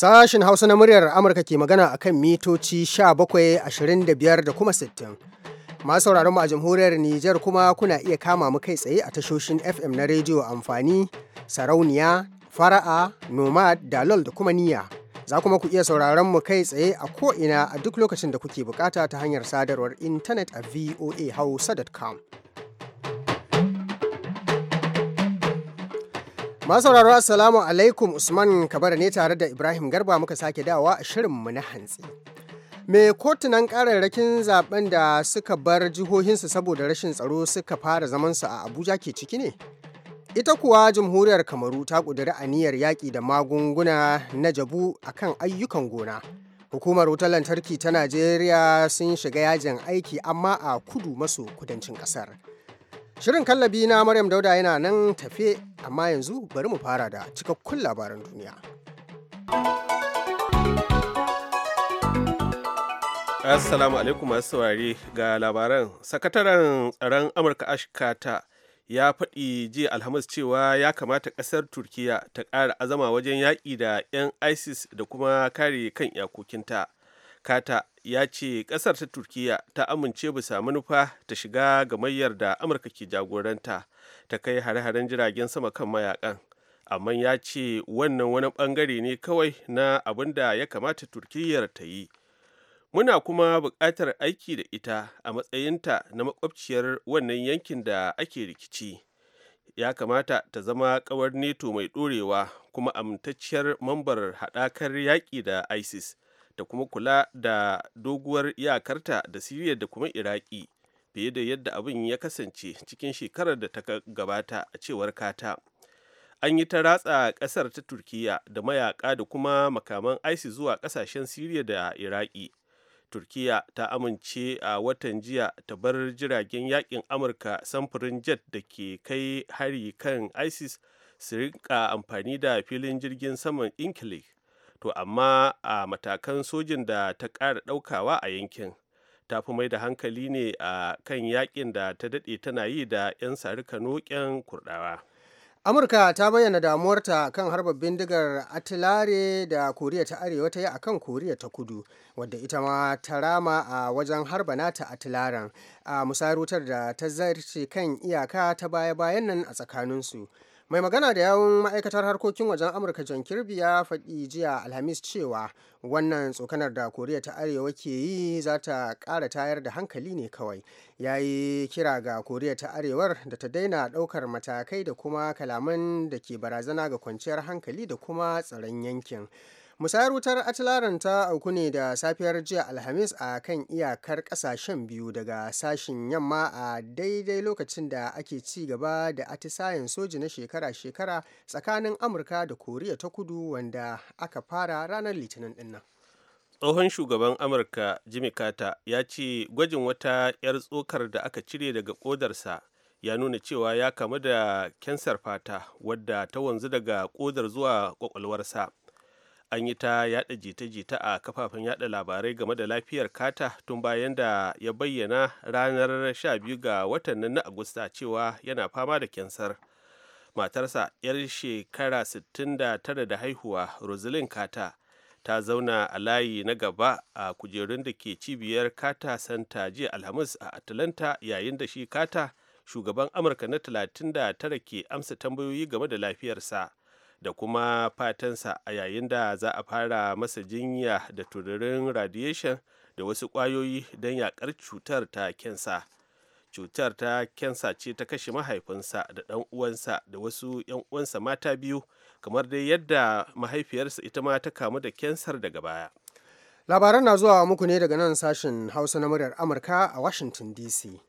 Sashen Hausa na muryar Amurka ke magana a kan mitoci bakwai ashirin da kuma 60. Masu sauraron mu a jamhuriyar Nijar kuma kuna iya kama mu kai tsaye a tashoshin FM na rediyo amfani, sarauniya, fara'a, nomad, dalol da kuma niyya. Za kuma ku iya sauraron mu kai tsaye a ko'ina a duk lokacin da kuke bukata ta hanyar sadarwar intanet a voahausa.com. sauraro assalamu alaikum Usman Kabara ne tare da Ibrahim Garba muka sake dawa a shirinmu na hantsi. Me kotunan kararrakin zaben da suka bar jihohinsu saboda rashin tsaro suka fara zamansu a Abuja ke ciki ne? Ita kuwa jamhuriyar Kamaru ta ƙudiri aniyar yaƙi da magunguna na jabu akan ayyukan gona. Hukumar wutar lantarki ta Najeriya sun shiga yajin aiki amma a kudu maso kudancin ƙasar. Shirin kallabi na Maryam Dauda yana nan tafe Amma yanzu bari mu fara da cikakkun labaran duniya. Assalamu alaikum masu saurari ga labaran. Sakataren tsaron Amurka Ashkata ya faɗi jiya Alhamis cewa ya kamata ƙasar Turkiya ta ƙara azama wajen yaƙi da 'yan ISIS da kuma kare kan iyakokinta. Kata ya ce ƙasar ta turkiya ta amince bisa manufa ta shiga gamayyar da amurka ke jagoranta ta kai hare-haren jiragen sama kan mayakan amma ya ce wannan wani bangare ne kawai na abin da ya kamata turkiyyar ta yi muna kuma buƙatar aiki da ita a matsayinta na makwabciyar wannan yankin da ake rikici ya kamata ta zama kawar neto mai ɗorewa kuma amintacciyar mambar haɗakar yaƙi da isis da kuma kula da doguwar iyakarta da siriya da kuma iraki fiye da yadda abin ya kasance cikin shekarar da ta gabata a cewar kata an yi ta ratsa kasar ta turkiya da mayaka da kuma makaman isis zuwa kasashen siriya da iraki turkiya ta amince a watan jiya ta bar jiragen yakin amurka samfurin jet da ke kai hari kan isis su rinka amfani da filin jirgin saman inkilik to amma a matakan sojin da ta ƙara ɗaukawa a yankin ta fi mai da hankali ne a kan yakin da ta daɗe tana yi da 'yan sarika noƙen kurɗawa amurka ta bayyana damuwarta kan harba bindigar atilare da koriya ta arewa ta yi a kan koriya ta kudu wadda ita ma ta rama a wajen harba nata atilaren a musayar da ta zarce kan iyaka ta baya-bayan nan a tsakaninsu mai magana da yawun ma'aikatar harkokin wajen amurka john kirby ya faɗi jiya alhamis cewa wannan tsokanar da koriya ta arewa ke yi za ta ƙara tayar da hankali ne kawai ya yi kira ga koriya ta arewar da ta daina ɗaukar matakai da kuma kalaman da ke barazana ga kwanciyar hankali da kuma tsaron yankin musayar wutar atilaran ta auku ne da safiyar jiya alhamis a kan iyakar kasashen biyu daga sashen yamma a daidai lokacin da ake ci gaba da atisayen soji na shekara-shekara tsakanin amurka da koriya ta kudu wanda aka fara ranar litinin dinnan. tsohon shugaban amurka jimmy carter ya ce gwajin wata 'yar tsokar da aka cire daga kodarsa ya nuna cewa ya kamu da kyansar fata wadda ta wanzu daga kodar zuwa kwakwalwarsa an yi ta yada jita-jita a kafafen yada labarai game da lafiyar kata tun bayan da ya bayyana ranar 12 ga watan na agusta cewa yana fama da kyansar matarsa 'yar shekara 69 da haihuwa rosalind kata ta zauna a layi na gaba a kujerun da ke cibiyar kata santa jiya alhamis a atlanta yayin da shi kata shugaban amurka na 39 ke amsa tambayoyi game da lafiyarsa da kuma fatansa a yayin da za a fara masa jinya da tururin radiation da wasu kwayoyi don yaƙar cutar ta kensa cutar ta kensa ce ta kashe mahaifinsa da ɗan uwansa da wasu 'yan uwansa mata biyu kamar dai yadda mahaifiyarsa ita ma ta kamu da kensar daga baya labaran na zuwa muku ne daga nan sashen hausa na muryar amurka a washington dc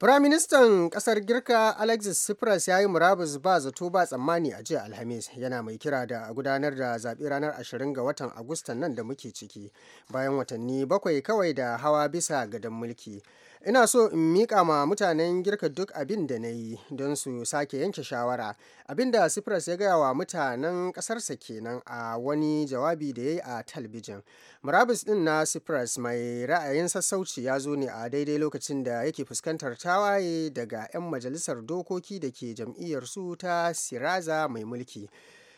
Firaministan ƙasar Girka Alexis Tsipras ya yi murabus ba zato ba tsammani a jiya Alhamis yana mai kira da gudanar da zaɓe ranar 20 ga watan Agustan nan da muke ciki bayan watanni bakwai kawai da hawa bisa gadon mulki. ina so in miƙa ma mutanen girka duk abin da na yi don su sake yanke shawara abin da Tsipras ya gaya wa mutanen ƙasarsa kenan a wani jawabi da ya yi a talbijin murabus ɗin na Tsipras mai ra'ayin sassauci ya zo ne a daidai lokacin da yake fuskantar tawaye daga 'yan majalisar dokoki da ke jam'iyyarsu ta siraza mai mulki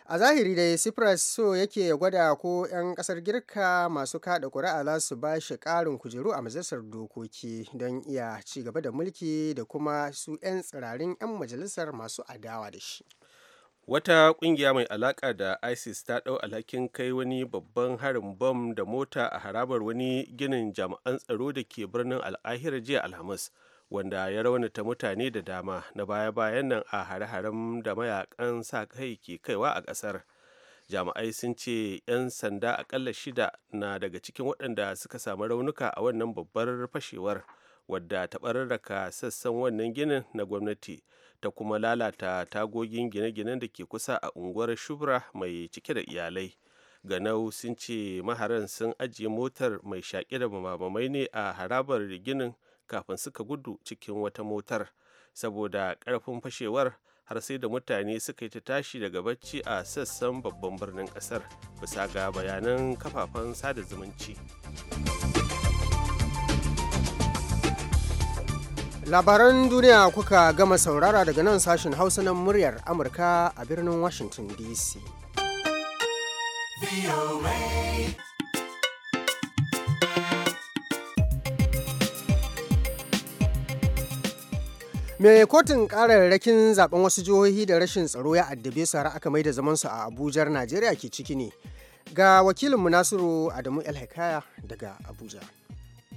a zahiri dai cyprus so yake gwada ko 'yan kasar girka masu kada kuri'a za su ba shi karin kujeru a majalisar dokoki don iya ci gaba da mulki da kuma su 'yan tsirarin 'yan majalisar masu adawa da shi wata kungiya mai alaka da isis ta dau alhakin kai wani babban harin bom da mota a harabar wani ginin jami'an tsaro da ke birnin al'ahira jiya alhamis wanda ya raunata mutane da dama na baya-bayan nan a hare-haren da mayakan sa kai ke kaiwa a ƙasar jami'ai sun ce 'yan sanda akalla shida na daga cikin waɗanda suka samu raunuka a wannan babbar fashewar wadda ta ɓararraka sassan wannan ginin na gwamnati ta kuma lalata tagogin gine-ginen da ke kusa a unguwar shubra mai cike da iyalai ganau sun ce maharan sun ajiye motar mai shaƙi da mamamai ne a harabar ginin kafin suka gudu cikin wata motar saboda ƙarfin fashewar har sai da mutane suka yi ta tashi daga bacci a sassan babban birnin ƙasar bisa ga bayanan kafafen sada zumunci labaran duniya kuka gama saurara daga nan sashen hausa na muryar amurka a birnin washington dc mai kotun kararrakin zaben wasu jihohi da rashin tsaro ya addabe su har aka mai da zamansu a abujar najeriya ke ciki ne ga Wakilin Munasiru adamu el daga abuja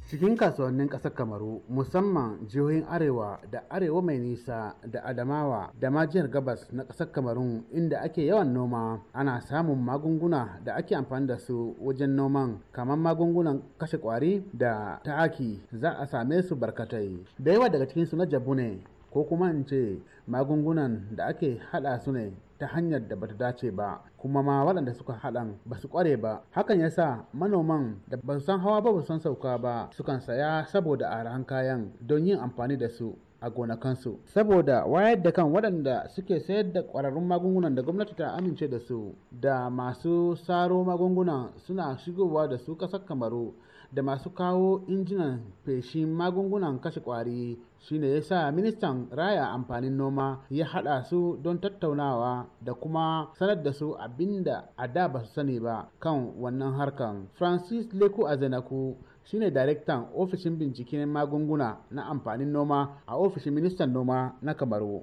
cikin kasuwannin ƙasar kamaru musamman jihohin arewa da arewa mai nisa da adamawa da majiyar gabas na ƙasar kamarun inda ake yawan noma ana samun magunguna da ake amfani da su wajen noman kamar magungunan kashe kwari da ta'aki za a same su barkatai da yawa daga cikin su na jabu ne ko kuma in ce magungunan da ake haɗa su ne ta hanyar da bata dace ba kuma ma waɗanda suka haɗan ba su ƙware ba hakan ya sa manoman da ba san hawa ba ba san sauka ba sukan saya saboda arahan kayan don yin amfani da su a gonakansu saboda wayar da kan waɗanda suke sayar da ƙwararrun magungunan da gwamnati ta amince da su da masu saro magungunan suna shigowa da su ƙasar kamaru da masu kawo injinan feshin magungunan kashe kwari shine ya sa ministan raya amfanin noma ya haɗa su don tattaunawa da kuma sanar da su abinda a da ba su sani ba kan wannan harkan francis leku azenaku shine daraktan ofishin binciken magunguna na amfanin noma a ofishin ministan noma na Kamaru.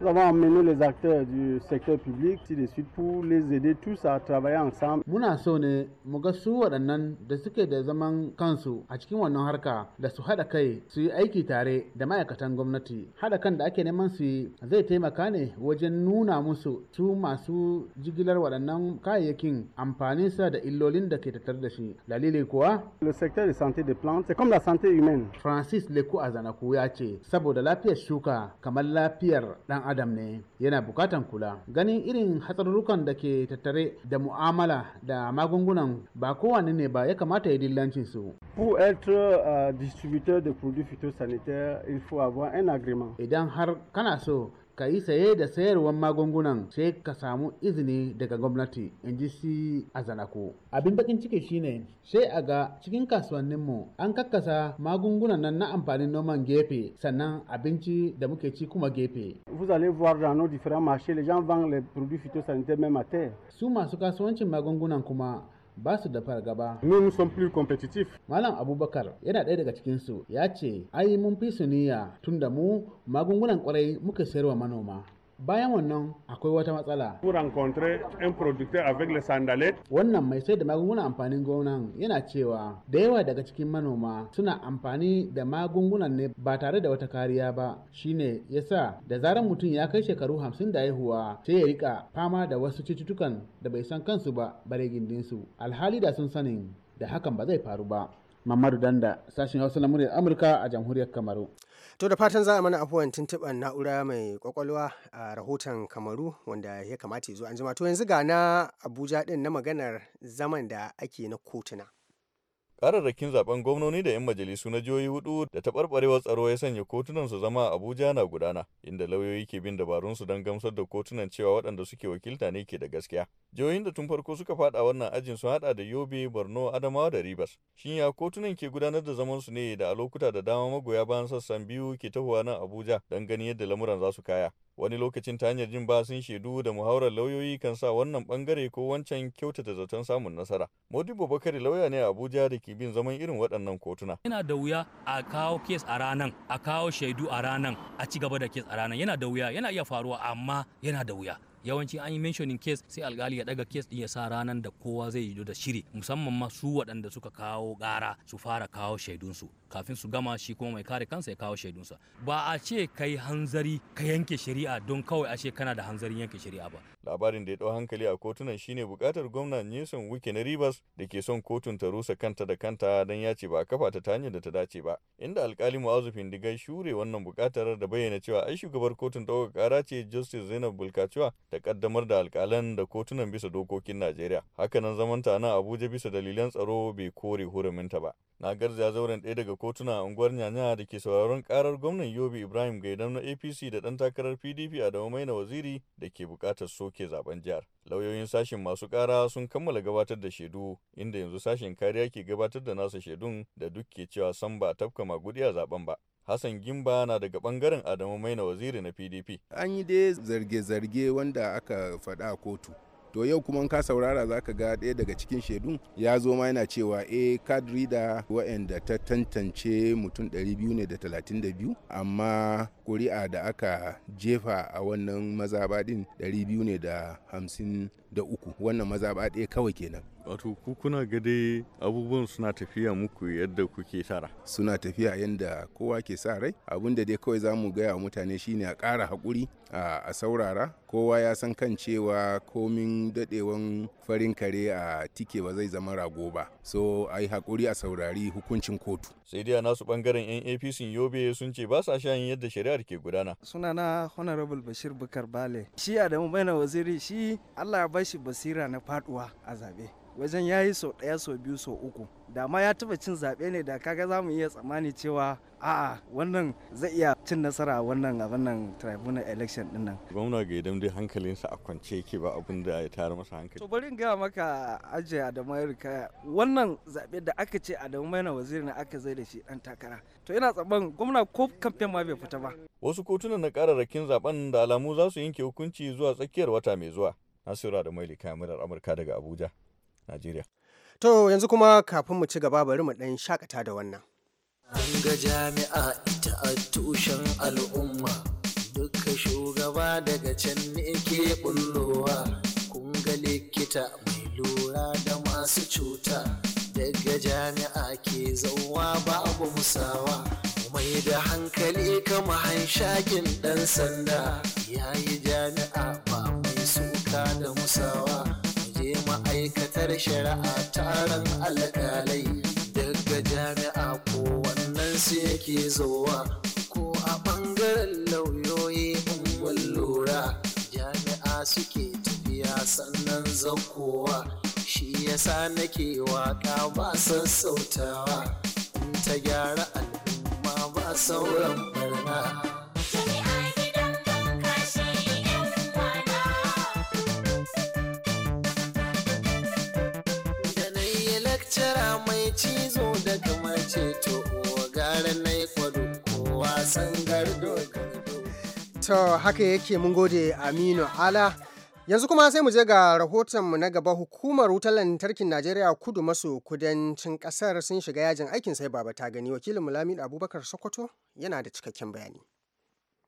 Muna so ne mu ga su waɗannan da suke da zaman kansu a cikin wannan harka da su haɗa kai su yi aiki tare da ma'aikatan gwamnati. Haɗa kan da ake neman su yi zai taimaka ne wajen nuna musu su masu jigilar waɗannan kayayyakin amfaninsa da illolin da ke tattare da shi. Dalili kuwa? Le secteur de santé de plan différentes. C'est comme la santé humaine. Francis Leku Azanaku ya ce saboda lafiyar shuka kamar lafiyar dan adam ne yana bukatan kula. Ganin irin hatsarurrukan da ke tattare da mu'amala da magungunan ba kowane ne ba ya kamata ya dillancin su. Pour être euh, distributeur de produits phytosanitaires, il faut avoir un agrément. Idan har kana so ka yi saye da sayarwar magungunan sai ka samu izini daga gwamnati in ji si a zanako abin bakin ciki shine sai a ga cikin kasuwannin mu an kakkasa magungunan nan na amfanin noman gefe sannan abinci da muke ci kuma gefe vous allez voir dans nos différents marchés les gens vendent les produits phytosanitaires même à terre su masu kasuwancin magungunan kuma ba su da fargaba. Mun sommes plus competitif. Malam Abubakar yana ɗaya daga cikin su ya ce ai mun fi su niyya tunda mu magungunan kwarai muka sayarwa manoma. bayan wannan akwai wata matsala wannan mai sai da magungunan amfanin gonan yana cewa da yawa daga cikin manoma suna amfani da magungunan ne ba tare da wata kariya ba shine sa da zarar mutum ya kai shekaru hamsin da haihuwa sai ya rika fama da wasu cututtukan da bai san kansu ba bare gindinsu alhali da sun sanin da hakan ba zai faru ba Mamadu Danda, sashen Hausa na muryar Amurka a jamhuriyar Kamaru. To da fatan za a mana afuwan tuntuɓar na'ura mai kwakwalwa a rahoton Kamaru wanda ya kamata ya zo an jima. To yanzu ga na Abuja ɗin na maganar zaman da ake na kotuna. Kararrakin zaben gwamnoni da 'yan majalisu na jihohi hudu da taɓarɓarewar tsaro ya sanya kotunan su zama a Abuja na gudana, inda lauyoyi ke bin dabarun su don gamsar da kotunan cewa waɗanda suke wakilta ne ke da gaskiya. Jihohin da tun farko suka fada wannan ajin sun hada da Yobe, Borno, Adamawa da Rivers. Shin ya kotunan ke gudanar da zaman su ne da a lokuta da dama magoya bayan sassan biyu ke tahowa nan Abuja don ganin yadda lamuran za su kaya. wani lokacin ta hanyar jin basin shaidu da muhawarar lauyoyi kan sa wannan bangare ko wancan kyautata zaton samun nasara modibo bakari lauya ne a abuja da ke bin zaman irin waɗannan kotuna yana da wuya a kawo kes a ranan a kawo shaidu a ranan a ci gaba da kes a ranan yana da wuya yana iya faruwa amma yana da wuya yawanci an yi mentioning case sai alkali ya daga case din ya sa ranan da kowa zai yi da shiri musamman ma su waɗanda suka kawo ƙara su fara kawo shaidunsu kafin su gama shi kuma mai kare kansa ya kawo shaidunsa ba a ce kai hanzari ka yanke shari'a don kawai a ce kana da hanzarin yanke shari'a ba labarin da ya ɗau hankali a kotunan shine buƙatar gwamna Nyesom Wike na Rivers da ke son kotun ta rusa kanta da kanta don ya ce ba a kafa ta ta hanyar da ta dace ba inda alkali Mu'azu Findigai shure wannan bukatar da bayyana cewa ai shugabar kotun ɗaukar kara ce Justice Zainab Bulkacewa da kaddamar da alkalan da kotunan bisa dokokin Najeriya. Hakanan zamanta na Abuja bisa dalilan tsaro bai kore huruminta ba. Na garzaya zauren ɗaya daga kotuna a unguwar Nyanya da ke sauraron karar gwamnan Yobe Ibrahim Gaidam na APC da ɗan takarar PDP a Maina Waziri da ke buƙatar soke zaben jihar. Lauyoyin sashen masu ƙara sun kammala gabatar da shaidu inda yanzu sashen kariya ke gabatar da nasa shaidun da duk ke cewa san ba tafka maguɗi a zaben ba. Hassan Gimba na daga bangaren Adamu Maina waziri na PDP. An yi dai zarge-zarge wanda aka faɗa a kotu. To yau kuma ka saurara za ka ga ɗaya daga cikin shaidun ya zo ma yana cewa e eh, kadri da wa'anda ta tantance mutum 232 amma kuri'a da aka jefa a wannan mazaba ɗin 200 ne da uku wannan mazaba ɗaya kawai kenan wato ku kuna ga abubuwan suna tafiya muku yadda kuke tara suna tafiya yadda kowa ke sa rai abin da dai kawai zamu mu gaya wa mutane shine a ƙara haƙuri a saurara kowa ya san kan cewa komin daɗewan farin kare a tike ba zai zama rago ba so a yi haƙuri a saurari hukuncin kotu sai dai a nasu ɓangaren yan apc yobe sun ce ba sa shan yadda shari'ar jihar ke gudana sunana honorable bashir bukar bale shi adamu na waziri shi allah ya bashi basira na faduwa a zabe wajen ya yi sau ɗaya sau biyu sau uku da ma ya taba cin zaɓe ne da kaga za mu iya tsammani cewa a'a wannan zai iya cin nasara wannan a wannan tribunal election din nan gwamna ga idan dai hankalinsa a kwance yake ba abin da ya tayar masa hankali to bari in gaya maka aje Adamu Yarkaya wannan zaɓe da aka ce Adamu Maina waziri na aka zai da shi dan takara to ina tsaban gwamna ko kamfen ma bai fita ba wasu kotunan na kararrakin zaben da alamu za su yanke hukunci zuwa tsakiyar wata mai zuwa Nasiru da Maili kamarar Amurka daga Abuja Najeriya. To yanzu kuma kafin mu ci gaba bari mu ɗan shakata da wannan. An ga jami'a ita a tushen al'umma duka shugaba daga can ne ke bullowa kun ga likita mai lura da masu cuta daga jami'a ke zauwa babu musawa mai da hankali kama hanshakin ɗan sanda yayi jami'a ba mai suka da musawa ma'aikatar shari'a taron alƙalai daga jami'a ko wannan su yake zowa ko a ɓangaren lauyoyi unguwar lura jami'a suke tafiya sannan zakowa shi yasa nake waka ba sassautawa in ta gyara al'umma ba sauran barna To haka yake mun gode Aminu Ala. Yanzu kuma sai mu je ga rahotonmu na gaba hukumar wutar lantarkin Najeriya kudu maso kudancin kasar sun shiga yajin aikin sai baba ta gani wakilin Mulamin Abubakar Sokoto yana da cikakken bayani.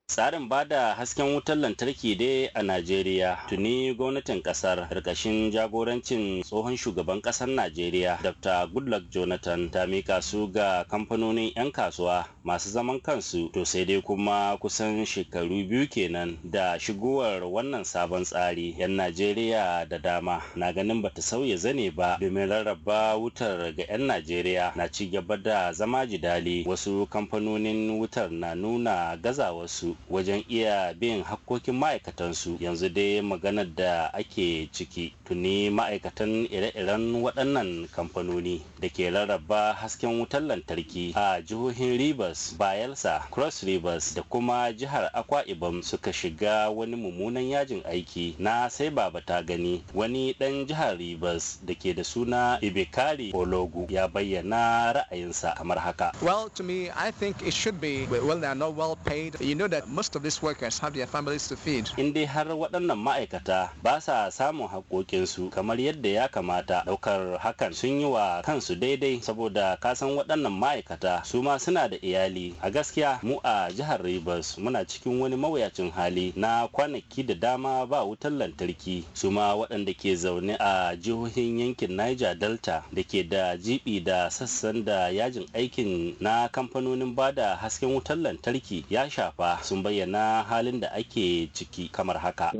Tsarin bada hasken wutar lantarki dai a Najeriya tuni gwamnatin kasar karkashin jagorancin tsohon shugaban ƙasar Najeriya Dr. Goodluck Jonathan ta mika su ga kamfanonin 'yan kasuwa masu zaman kansu to sai dai kuma kusan shekaru biyu kenan da shigowar wannan sabon tsari 'yan najeriya da dama na ganin bata sauya zane ba domin rarraba wutar ga 'yan najeriya na ci gaba da zama jidali wasu kamfanonin wutar na nuna gaza wasu wajen iya bin hakkokin ma'aikatansu yanzu dai maganar da ake ciki tuni ma'aikatan ire-iren waɗannan kamfanoni da ke rarraba hasken wutar lantarki a jihohin Ribas. Rivers, Bayelsa, Cross Rivers da kuma jihar Akwa Ibom suka shiga wani mummunan yajin aiki na sai baba ta gani wani ɗan jihar Rivers da ke da suna Ibekari Ologu ya bayyana ra'ayinsa kamar haka. Well, to me, I think it should be well they are not well paid. You know that most of these workers have their families to feed. In dai har waɗannan ma'aikata ba sa samun haƙoƙinsu kamar yadda ya kamata ɗaukar hakan sun yi wa kansu daidai saboda kasan waɗannan ma'aikata su ma suna da iyali iyali a gaskiya mu a jihar Rivers muna cikin wani mawuyacin hali na kwanaki da dama ba wutar lantarki su ma waɗanda ke zaune a jihohin yankin Niger Delta da ke da jibi da sassan da yajin aikin na kamfanonin ba da hasken wutar lantarki ya shafa sun bayyana halin da ake ciki kamar haka.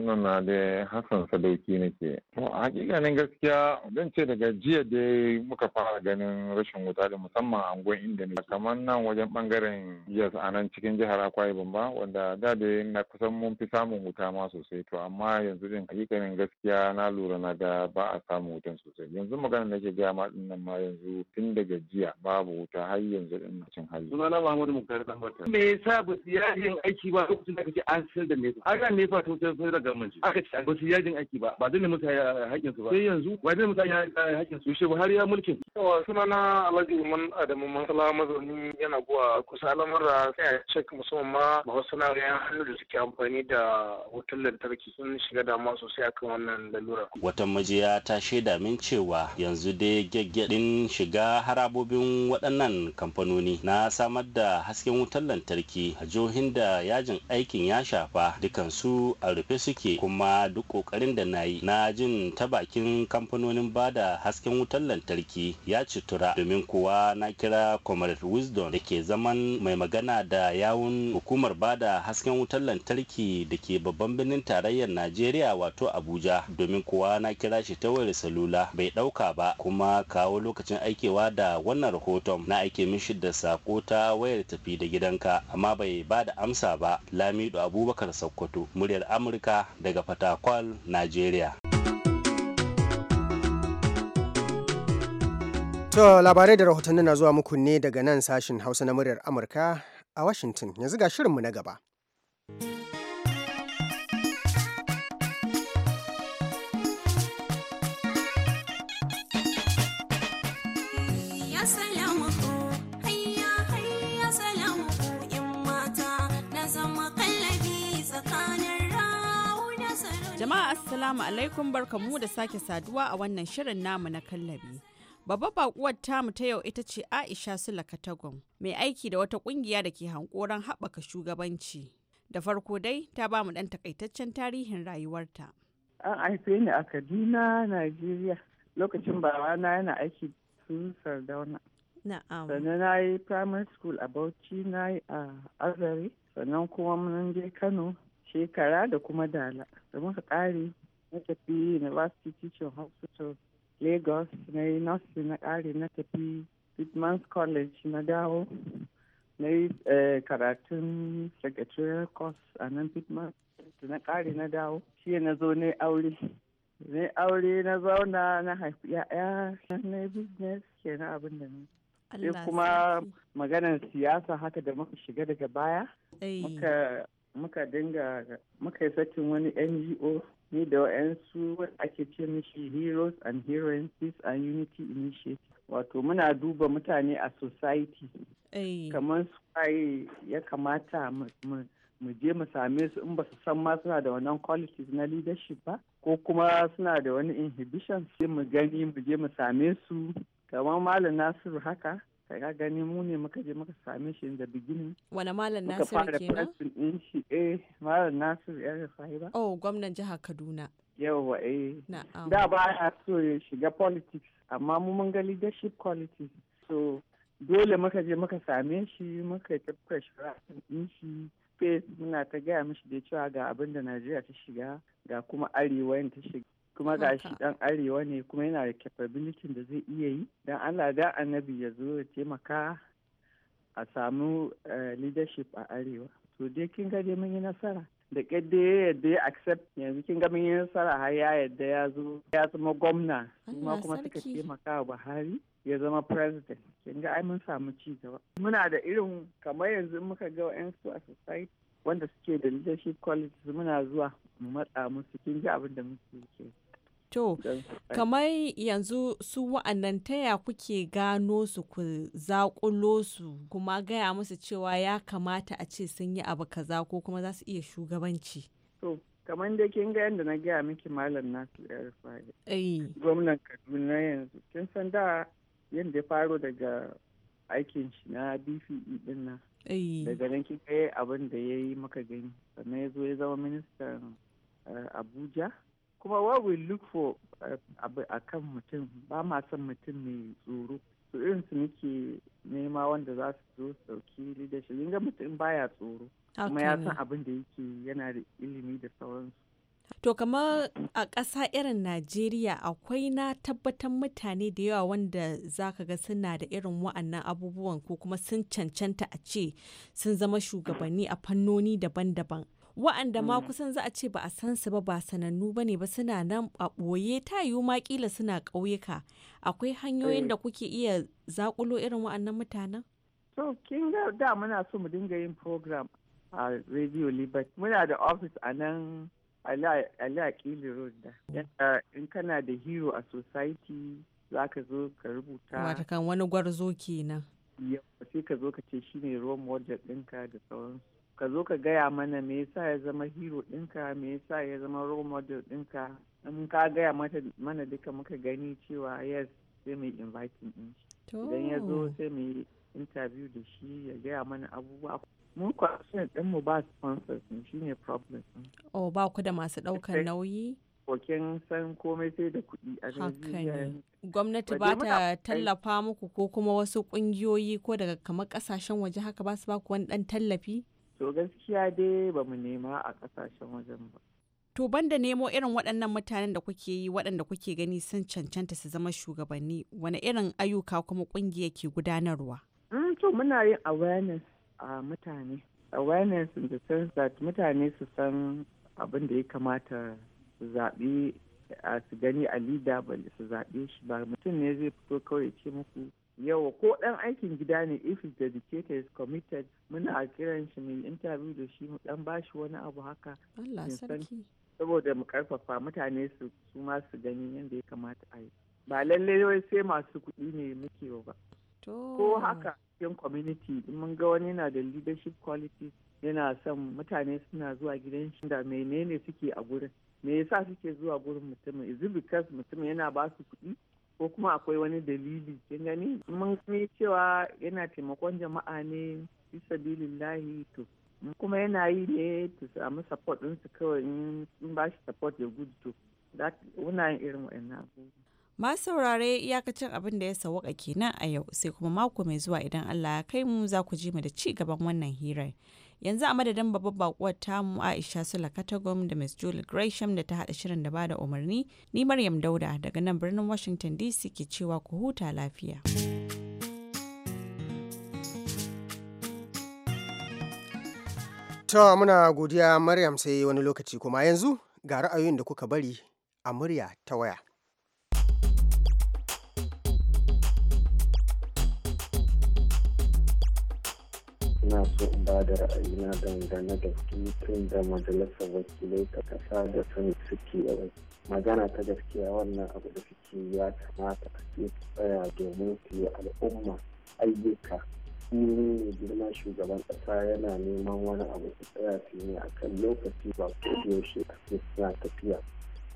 muka fara ganin rashin wuta da musamman a angon inda kamar nan wajen bangare bangaren yes a nan cikin jihar akwai bamba wanda da da na kusan mun fi samun wuta ma sosai to amma yanzu din hakikanin gaskiya na lura na ga ba a samun wutan sosai yanzu maganar nake gaya ma din nan ma yanzu tun daga jiya babu wuta har yanzu din cin hali sunana Muhammadu Muktar Tambata me yasa ba su yajin aiki ba lokacin da kake an sayar da nefa aka nefa to sai sai daga mun aka ce ba su yajin aiki ba ba dole mutane hakkin su ba sai yanzu ba dole mutane hakkin su shi har ya mulkin sunana Alhaji Umar Adamu Masala mazaunin yana guwa kusa al'amura sai a cek musamman ma ba wasu na hannu da suke amfani da wutar lantarki sun shiga damuwa sosai akan wannan lalura. Wata majiya ta shaida min cewa yanzu dai gyaggyaɗin shiga harabobin waɗannan kamfanoni na samar da hasken wutar lantarki a jihohin da yajin aikin ya shafa su a rufe suke kuma duk ƙoƙarin da na yi na jin ta bakin kamfanonin ba da hasken wutar lantarki ya citura domin kuwa na kira comrade wisdom da ke zaman Rahman mai magana da yawun hukumar ba da hasken wutar lantarki da ke babban birnin tarayyar Najeriya wato Abuja domin kuwa na kira shi ta wayar salula bai ɗauka ba kuma kawo lokacin aikewa da wannan rahoton na aike mishi da sako ta wayar tafi da gidanka amma bai ba da amsa ba Lamido Abubakar Sokoto muryar Amurka daga Fatakwal Najeriya. To labarai da rahotanni na zuwa muku ne daga nan sashin Hausa na muryar Amurka a Washington. Yanzu ga shirinmu na gaba. Jama'a Assalamu alaikum barkamu da sake saduwa a wannan shirin namu na kallabi. Babbar bakuwar tamu ta yau ita ce Aisha Sula Katagon, mai aiki da wata kungiya da ke hankoron haɓaka shugabanci. Da farko dai ta ba mu ɗan takaitaccen tarihin rayuwarta. An haife ni a Kaduna, Najeriya. Lokacin babana yana aiki sun Sardauna. Na'am. Sannan na yi primary school a Bauchi, na yi a Azare, sannan kuma mun je Kano shekara da kuma Dala. Da muka ƙare, na tafi University Teaching Hospital lagos na yi nursery na ƙare na tafi Pittman's college na dawo na yi eh, karatun secretarial course a nan Pittman na ƙare na dawo shi na zo na aure ne aure na zauna na haifi ya'ya na yi business na abin da ne sai kuma maganar siyasa haka da muka shiga daga baya muka dinga muka yi sakin wani ngo ni da wa'yansu wanda ake ce mishi heroes and heroines and unity initiative wato muna duba mutane a society kamar su kai ya kamata mu je mu same su in ba su san ma suna da wannan qualities na leadership ba ko kuma suna da wani inhibition sai mu gani mu je mu same su kamar malam nasiru haka kai ka gani mu ne muka je muka same shi da beginning wani malam nasiru ke nan din shi eh malam nasiru ya sahiba oh gwamnan jihar kaduna yawa eh da ba a so ya shiga politics amma mu mun ga leadership quality so dole muka je muka same shi muka tafka shirafin din shi muna ta gaya mishi da cewa ga abin da najeriya ta shiga ga kuma arewa ta shiga kuma ga shi dan arewa ne kuma yana da capability da zai iya yi dan Allah da annabi ya zo ya taimaka a samu eh, leadership a arewa to dai kin ga dai mun yi nasara da kadda ya yadda ya accept yanzu kin ga mun yi nasara har ya yadda ya zo ya zama gwamna kuma kuma suka taimaka wa Buhari ya zama president kin ga ai mun samu ci gaba muna da irin kamar yanzu muka ga wa'yan su a society wanda suke da leadership qualities muna zuwa mu matsa musu kin ji abin da muke ke To, kamar yanzu su wa'annan taya kuke gano su ku zaƙulo su kuma gaya musu cewa ya kamata a ce sun yi abu kaza ko kuma za su iya shugabanci. To, kamar da kin ga yadda na gaya miki malam nasu rufai. Eh. Gwamnan Kaduna yanzu. Kin san da yadda ya faro daga aikin shi na BCE din nan. Eh. Daga nan kin ga abin da ya yi maka gani. Sannan ya zo ya zama ministan eh, Abuja. kuma what we look for eh, a kan mutum ba ma son mutum mai tsoro su irin su muke nema wanda za su zo sauki leadership inga mutum baya tsoro kuma ya san abin da yake yana da ilimi da sauransu To kamar a ƙasa irin Najeriya akwai na tabbatar mutane da yawa wanda za ka ga suna da irin wa'annan abubuwan ko kuma sun cancanta a ce sun zama shugabanni a fannoni daban-daban. wa'anda ma mm. kusan za a ce ba a san su ba ba sanannu ba ne ba suna nan a ɓoye ta yiwu ma kila suna ƙauyuka akwai hanyoyin eh. da kuke iya zakulo irin wa'annan mutanen? to kin ga da muna so mu dinga yin program a radio liberty muna da office a nan ala kili road da in kana da hero a society za ka zo ka rubuta wata kan wani gwarzo kenan yau sai ka zo ka ce shine role model ɗinka da sauransu ka zo ka gaya mana me yasa ya zama hero ɗinka me yasa ya zama role model ɗinka in ka gaya mana duka muka gani cewa yes sai mai inviting ɗin shi idan ya zo sai mai interview da shi ya gaya mana abubuwa mun kwashin ɗinmu ba sponsors shine problem oh ba ku da masu ɗaukar nauyi kokin san komai sai da kuɗi a Gwamnati ba ta tallafa muku ko kuma wasu ƙungiyoyi ko daga kamar ƙasashen waje haka ba su ba ku wani ɗan tallafi? to gaskiya dai ba mu nema a kasashen wajen ba to banda nemo irin waɗannan mutanen da kuke yi waɗanda kuke gani sun cancanta su zama shugabanni wani irin ayyuka kuma ƙungiya ke gudanarwa mm, to muna yin awareness a mutane awareness in the sense that mutane su san abin da ya kamata su zaɓi su gani a leader ba su zaɓe shi ba mutum ne zai fito kawai ce muku yau ko ɗan aikin gida ne if is dedicated is committed muna kiran shi mu interview da shi mu dan bashi wani abu haka Allah sarki saboda mu karfafa mutane su su ma su gani yadda ya kamata a yi ba lalle wai sai masu kuɗi ne muke ba ko haka cikin community mun ga wani yana da leadership quality yana son mutane suna zuwa gidan shi da menene suke a gurin me yasa suke zuwa gurin mutumin is it because mutumin yana ba su kuɗi ko kuma akwai wani dalili kin gani mun ne cewa yana taimakon jama'a ne fisabilillahi to kuma yana yi ne ta samu support din su kawai in ba shi support ya gudu to muna yin irin wannan. Ma saurare iyakacin abin da ya sawaka kenan a yau sai kuma mako mai zuwa idan Allah ya kai mu za ku ji mu da ci gaban wannan hirar. yanzu a madadin babbar bakuwar tamu aisha sula katagom da miss julie gresham da ta haɗa shirin da ba da umarni ni maryam dauda daga nan birnin washington dc ke cewa ku huta lafiya tawa muna godiya maryam sai wani lokaci kuma yanzu ga ra'ayoyin da kuka bari a murya ta waya ina so in ba da ra'ayina dangane da tutun da majalisar wakilai ta kasa da sun suke yawai magana ta gaskiya wannan abu da suke ya kamata a ke tsaya domin su yi al'umma ayyuka ne mai girma shugaban kasa yana neman wani abu su tsaya su ne a kan lokaci ba ko yaushe a ce suna tafiya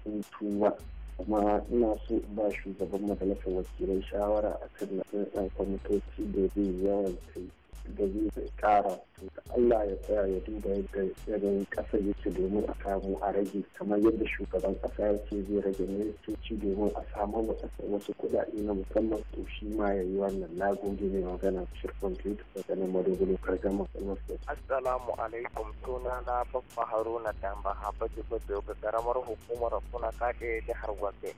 hutu ba kuma ina so in ba shugaban majalisar wakilai shawara a kan na kwamitoci da zai yawan kai da zai kara Allah ya tsaya ya duba yadda yanayin kasa yake domin a samu a rage kamar yadda shugaban ƙasa yake zai rage ci domin a samu wasu kuɗaɗe na musamman to shi ma ya yi wannan lagogi ne magana shirkon tuta maganin madogoro kargama Assalamu alaikum suna na babba Haruna Damba Habaji Bajo ga karamar hukumar suna kake jihar Gombe.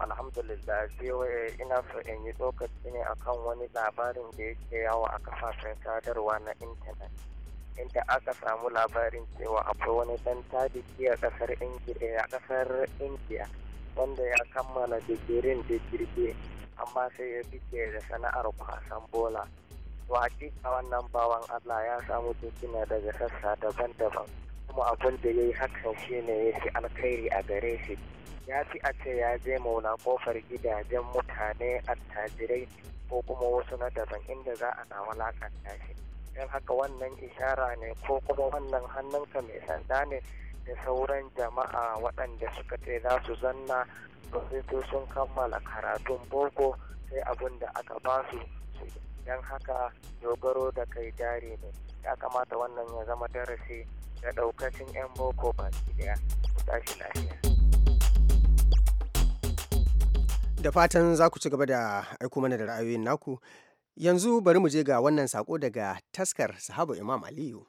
alhamdulillah voa ina so in yi tsokaci ne akan wani labarin da yake yawo a kafafen sadarwa na intanet inda aka samu labarin cewa akwai wani dan tadiki a kasar eh, india wanda ya kammala digirin digirge amma sai ya fice da sana'ar kwasan bola to hakika wannan bawan allah ya samu tukina daga sassa daban-daban kuma abin da ya yi hakan shine ya fi alkhairi a gare shi ya fi a ce ya je mauna kofar gidajen mutane attajirai ko kuma wasu na daban inda za a na lakanta shi don haka wannan ishara ne ko kuma wannan hannunka mai sanda ne da sauran jama'a waɗanda suka ce za su zanna domin sun kammala karatun boko sai abin da aka ba su don haka dogaro da kai jari ne ya kamata wannan ya zama darasi da ɗaukacin 'yan boko baki daya tashi lafiya da fatan za ku ci gaba da aiko mana da ra'ayoyin naku yanzu bari mu je ga wannan sako daga taskar sahabu imam aliyu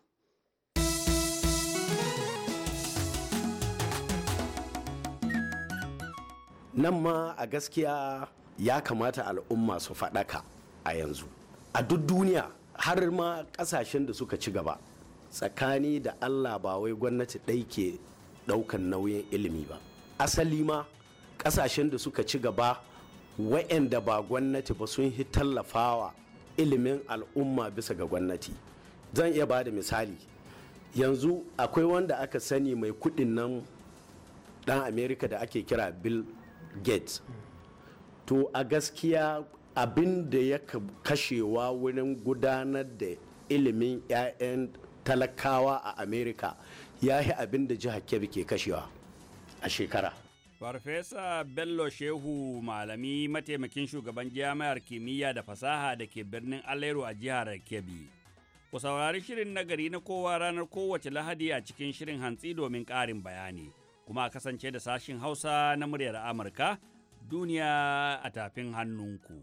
nan ma a gaskiya ya kamata al'umma su faɗaka a yanzu a duk duniya har ma ƙasashen da suka ci gaba tsakani da allah ba wai gwamnati ɗai ke ɗaukan nauyin ilimi ba asali ma ƙasashen da suka ci gaba wa'anda ba gwamnati ba sun hi tallafawa ilimin al'umma bisa ga gwamnati zan iya ba da misali yanzu akwai wanda aka sani mai kudin nan dan america da ake kira bill gates to a gaskiya abin da ya kashewa wurin gudanar da ilimin 'ya'yan talakawa a america ya yi abin da jihar kebbi ke kashewa a shekara Farfesa Bello Shehu malami mataimakin shugaban jami'ar kimiyya da fasaha da ke birnin Alero a jihar Kebbi. Ku saurari shirin nagari na kowa ranar kowace lahadi a cikin shirin hantsi domin ƙarin bayani. Kuma a kasance da sashin Hausa na muryar Amurka duniya a tafin hannunku.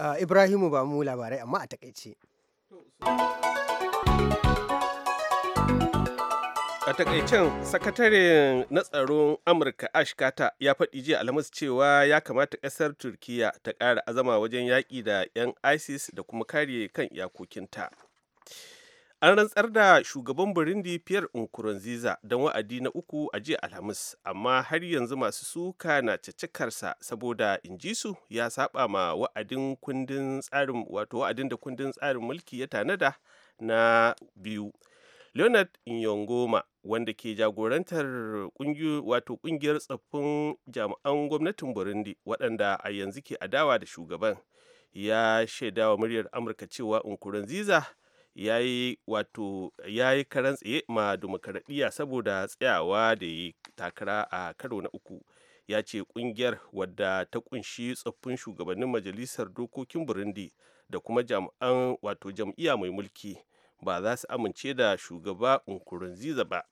Uh, Ibrahimu ba mu labarai amma a takaice. a takaicen sakataren na tsaron amurka Ashkata ya faɗi jiya alhamis cewa ya kamata ƙasar Turkiyya ta ƙara azama wajen yaƙi da 'yan isis da kuma kare kan iyakokinta. an rantsar da shugaban burundi pierre nkurunziza don wa'adi na uku a jiya alhamis amma har yanzu masu suka na cicikarsa saboda in su ya saba ma wa'adin kundin tsarin wato wa'adin da kundin tsarin mulki ya tanada na biyu leonard nyongoma wanda ke jagorantar wato kungiyar tsaffin jami'an gwamnatin burundi waɗanda a yanzu ke adawa da shugaban ya shaidawa muryar amurka cewa nkurunziza ya yi karan tsaye ma dimokuraɗiyya saboda tsayawa da yi takara a karo na uku ya ce kungiyar wadda ta kunshi tsoffin shugabannin majalisar dokokin burundi da kuma jami'an wato jam'iyya mai mulki ba za su amince da shugaba nkurunziza ba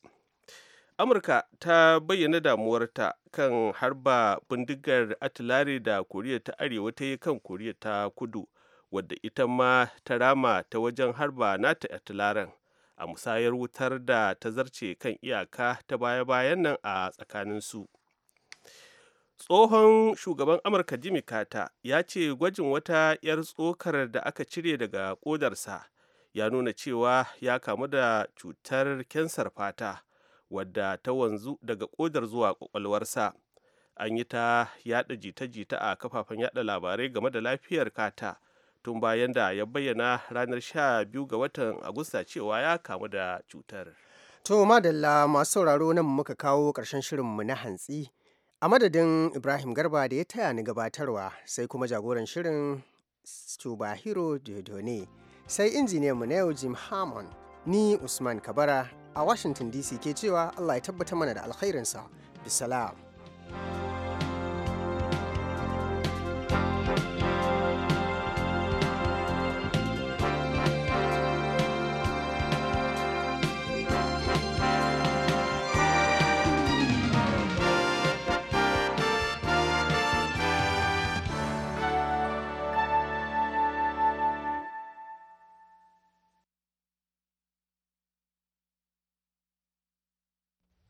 amurka ta bayyana damuwarta kan harba bindigar atilare da koriya ta arewa ta yi kan koriya ta kudu wadda ita ma ta rama ta wajen harba nata atilaran a musayar wutar da ta zarce kan iyaka ta baya-bayan nan a tsakaninsu tsohon shugaban amurka jimmy carter ya ce gwajin wata 'yar tsokar da aka cire daga kodarsa ya nuna cewa ya kamu da cutar kensar fata wadda ta wanzu daga kodar zuwa kwakwalwarsa an yi ta yada jita-jita a kafafen yada labarai game da lafiyar kata tun bayan da ya bayyana ranar 12 ga watan agusta cewa ya kamu da cutar to madalla masu sauraro nan muka kawo ƙarshen shirinmu na hantsi a madadin ibrahim garba da ya taya ni gabatarwa sai kuma jagoran shirin Tubahiro Dodone sai mu na yau Jim Hammond ni Usman Kabara a Washington DC ke cewa Allah ya tabbata mana da alkhairinsa. Bisalam.